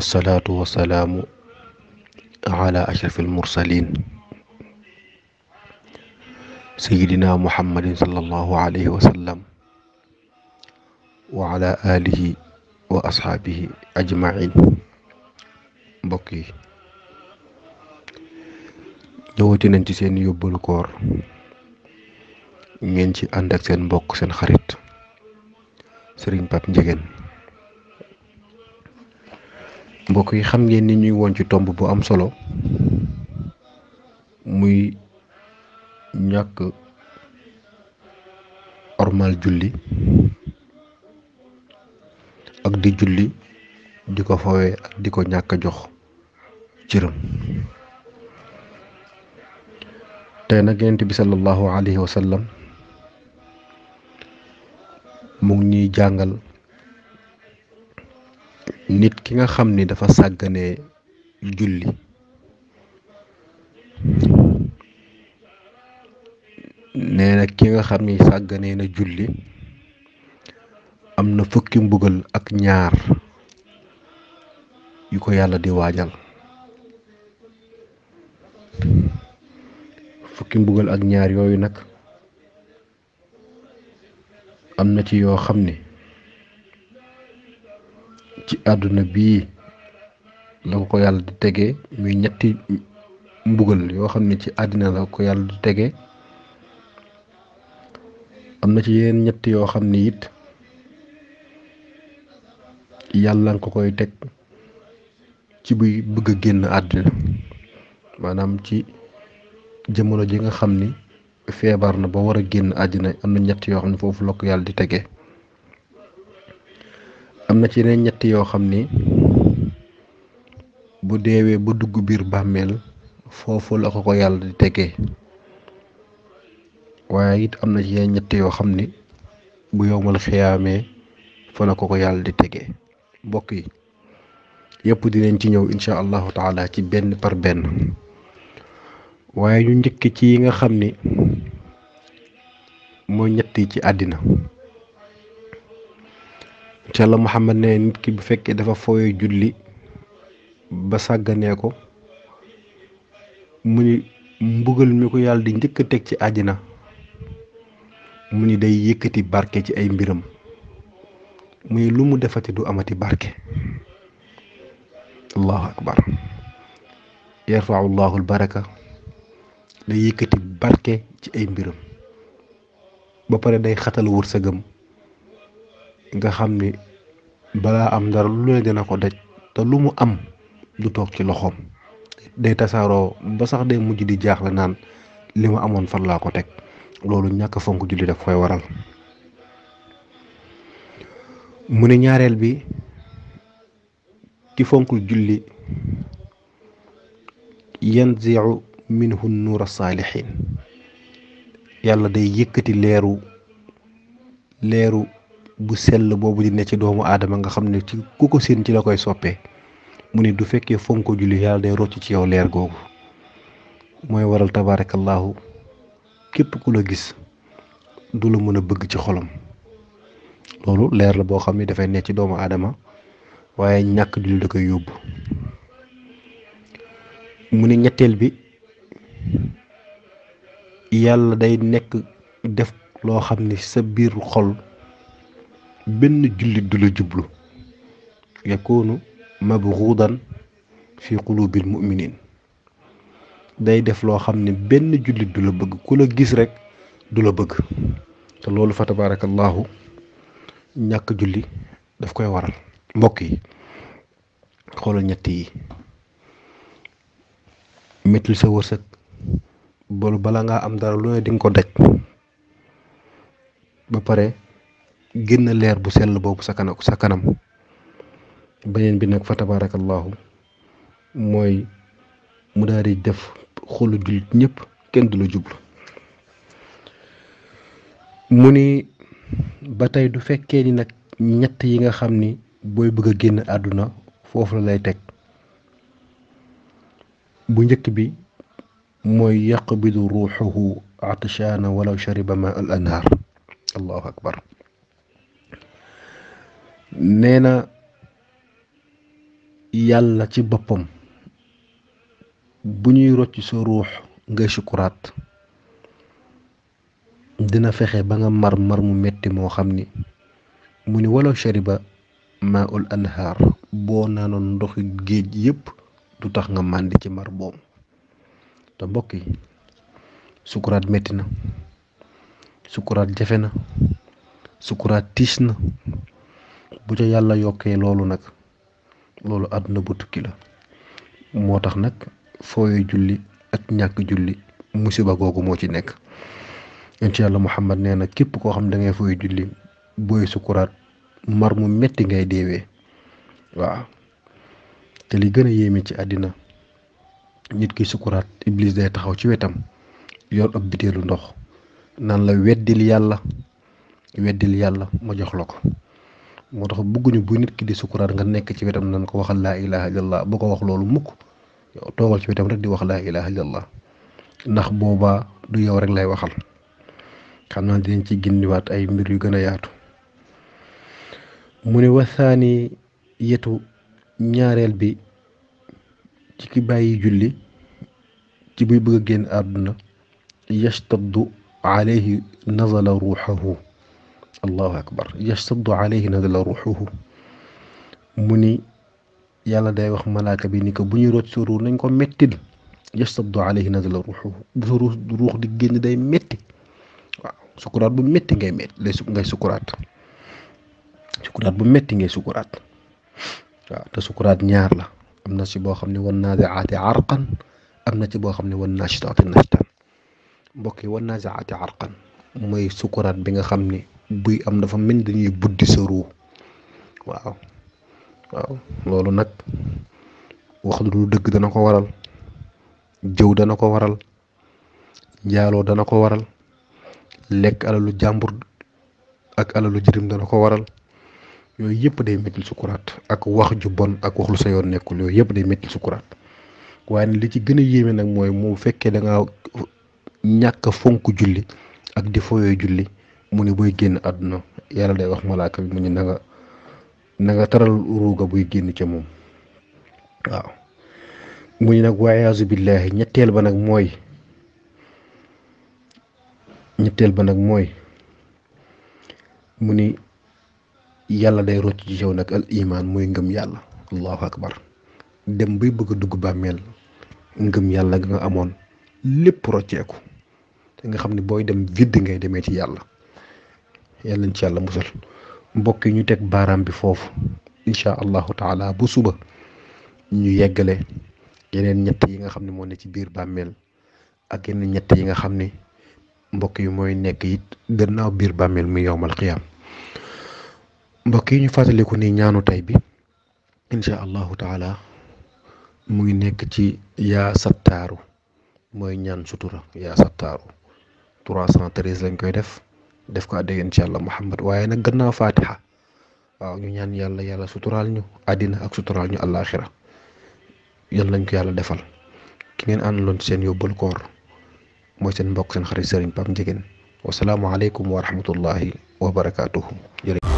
wasalaatu wasalaamu ala ashrafil mursalin sayidina muhammadin sallallahu alayhi wa sallam wa ala alihi wa ashaabihi ajmain mbokk yi ñëwati nañ ci seen yóbbalu koor ngeen ci ànd seen mbokk seen xarit sëriñ Pape Ndiéguène mbokk yi xam ngeen ni ñuy woon ci tomb bu am solo muy ñàkk ormal julli ak di julli di ko fowee di ko ñàkk jox cëram te nag yonent bi sallallahu alayhi wa sallam mu ngi ñuy jàngal nit ki nga xam ni dafa sàgganee julli nee nag ki nga xam ni sàgganee na julli am na fukki mbugal ak ñaar yu ko yàlla di waajal fukki mbugal ak ñaar yooyu nag am na ci yoo xam ni àdduna bii la ko yàlla di tege muy ñetti mbugal yoo xam ne ci àddina la ko yàlla di tege am na ci yeneen ñett yoo xam ni it yàlla nga ko koy teg ci buy bëgg a génn àddina maanaam ci jamono ji nga xam ni feebar na ba war a génn àddina am na ñett yoo xam ne foofu la ko yàlla di tege am na ci yeneen ñett yoo xam ni bu deewee ba dugg biir bàmmeel foofu la ko ko yàlla di tegee waaye it am na ci yeneen ñett yoo xam ni bu yowmal xiyaamee fa la ko ko yàlla di tegee mbokk yi yëpp dinañ ci ñëw incha allahu taala ci benn par benn waaye ñu njëkk ci yi nga xam ni mooy ñett ci àddina ci yàlla Muhammad ne nit ki bu fekkee dafa fooyee julli ba sàgganee ko mu ni mbugal mi ko yàlla di njëkka teg ci àjjana mu ni day yëkkati barke ci ay mbiram mu ni lu mu defati du amati barke allahu akbar yarfau llahu albaraka day yëkkati barke ci ay mbiram ba pare day xatal wërsëgam nga xam ni balaa am dara lu ne dina ko daj te lu mu am du toog ci loxoom day tasaaroo ba sax day mujj di jaaxle naan li ma amoon fan laa ko teg loolu ñàkk fonk julli daf koy waral mu ne ñaareel bi ci fonk julli yanziu minhu nuura saalihin yàlla day yëkkati leeru leeru bu sell boobu di ne ci doomu aadama nga xam ne ci ku ko seen ci la koy soppee mu ne du fekkee fonk ko julli yàlla day rocc ci yaw leer googu mooy waral tabaarakallaahu képp ku la gis du la mën a bëgg ci xolam loolu leer la boo xam ne dafay ne ci doomu aadama waaye ñàkk julli da koy yóbbu mu ne ñetteel bi yàlla day nekk def loo xam ne sa biir xol benn jullit du la jublu yakunu mabghudan fi qulubil mu'minin day def loo xam ne benn jullit du la bëgg ku la gis rek du la bëgg te loolu fa tabaarakallaahu ñàkk julli daf koy waral mbokk yi xoolal ñett yi mettil sa wërsëg bolu bala ngaa am dara lu ne di ko daj ba pare génn leer bu sell boobu sa kanam sa kanam beneen bi nag fa tabaarakallaahu mooy mu daal di def xolu jullit ñëpp kenn du la jublu mu ni ba tey du fekkee ni nag ñett yi nga xam ni booy bëgg a génn àdduna foofu la lay teg bu njëkk bi mooy yaqbidu ruuxuhu atashaana walaw shariba ma al allahu akbar nee na yàlla ci boppam bu ñuy rocc sa ruux ngay sukuraat dina fexe ba nga mar mar mu metti moo xam ni mu ni walaw shariba maa ul anhaar boo naanoon ndoxi géej yépp du tax nga màndi ci mar boobu te mbokk yi sukuraat metti na sukuraat jafe na sukuraat tiis na bu ca yàlla yokkee loolu nag loolu àdduna bu tukki la moo tax nag fooy julli ak ñàkk julli musiba googu moo ci nekk incha allah muhammad nee na képp koo xam da ngay fooy julli booy sukkuraat mar mu metti ngay deewee waaw te li gën a yéeme ci àddina nit ki sukkuraat iblis day taxaw ci wetam yor ab biteelu ndox naan la weddil yàlla weddil yàlla ma jox la ko moo tax bëgguñu bu nit ki di sukuraat nga nekk ci wetam nan ko waxal laa ilaha illallah bu ko wax loolu mukk toogal ci wetam rek di wax laa ilaha illallah ndax boobaa du yow rek lay waxal xam na dinañ ci gindiwaat ay mbir yu gën a yaatu mu ne wasaani yetu ñaareel bi ci ki bàyyi julli ci buy bëgg a génn àdduna yastaddu alayhi nazala ruuxahu allahu akbar yastaddu alayhi nadala ruuxuhu mu ni yàlla day wax malaaka bi ni ko bu ñuy root nañ ko metti yastaddu alayhi nadala ruuxuhu bu di génn day metti waaw sukuraat bu metti ngay sukuraat sukuraat bu metti ngay sukuraat waaw sukuraat ñaar la am na boo xam ne wan naaziaati arqan am na ci boo xam ne wan naashitaati naashtaan mbokk yi wan mooy sukuraat bi nga xam ni buy am dafa mel dañuy buddi sa ruu waaw waaw loolu nag wax lu dëgg dana ko waral jëw dana ko waral njaaloo dana ko waral lekk alalu jàmbur ak alalu jërim dana ko waral yooyu yëpp day mettil sukuraat ak wax ju bon ak wax lu sa yoon nekkul yooyu yëpp day mettil sukuraat waaye li ci gën a yéeme nag mooy mu fekkee da ñàkk fonk julli ak di foyee julli mu ni booy génn àdduna yàlla day wax malaaka bi mu ni nanga nga taral ruuga buy génn ca moom waaw mu ni nag waayaasu billaahi ñetteel ba nag mooy ñetteel ba nag mooy mu ni yàlla day rocc ci yow nag al mooy ngëm yàlla allahu akbar dem bay bëgg a dugg bàmmeel ngëm yàlla nga amoon lépp rocceeku te nga xam ne booy dem vidde ngay demee ci yàlla yàlla nañ ci yàlla musal mbokk yi ñu teg baaraam bi foofu incha allahu taala bu suba ñu yeggale yeneen ñett yi nga xam ne moo ne ci biir bàmmeel ak yeneen ñett yi nga xam ne mbokk yi mooy nekk it gannaaw biir bàmmeel mu yowmal xiyaam mbokk yi ñu fàttaliku ni ñaanu tey bi incha allahu taala mu ngi nekk ci yaa sattaaru mooy ñaan sutura yaa sattaaru 313 lañ koy def def ko adda yonent yàlla Muhammad waaye nag gannaaw faatiha waaw ñu ñaan yàlla yàlla suturaal ñu àddina ak suturaal ñu àllaaxira yal nañ ko yàlla defal ki ngeen lool seen yóbbal koor mooy seen mbokk seen xarit sëriñ Pape Ndiéguène wasalaamualeykum wa rahmatullahi wa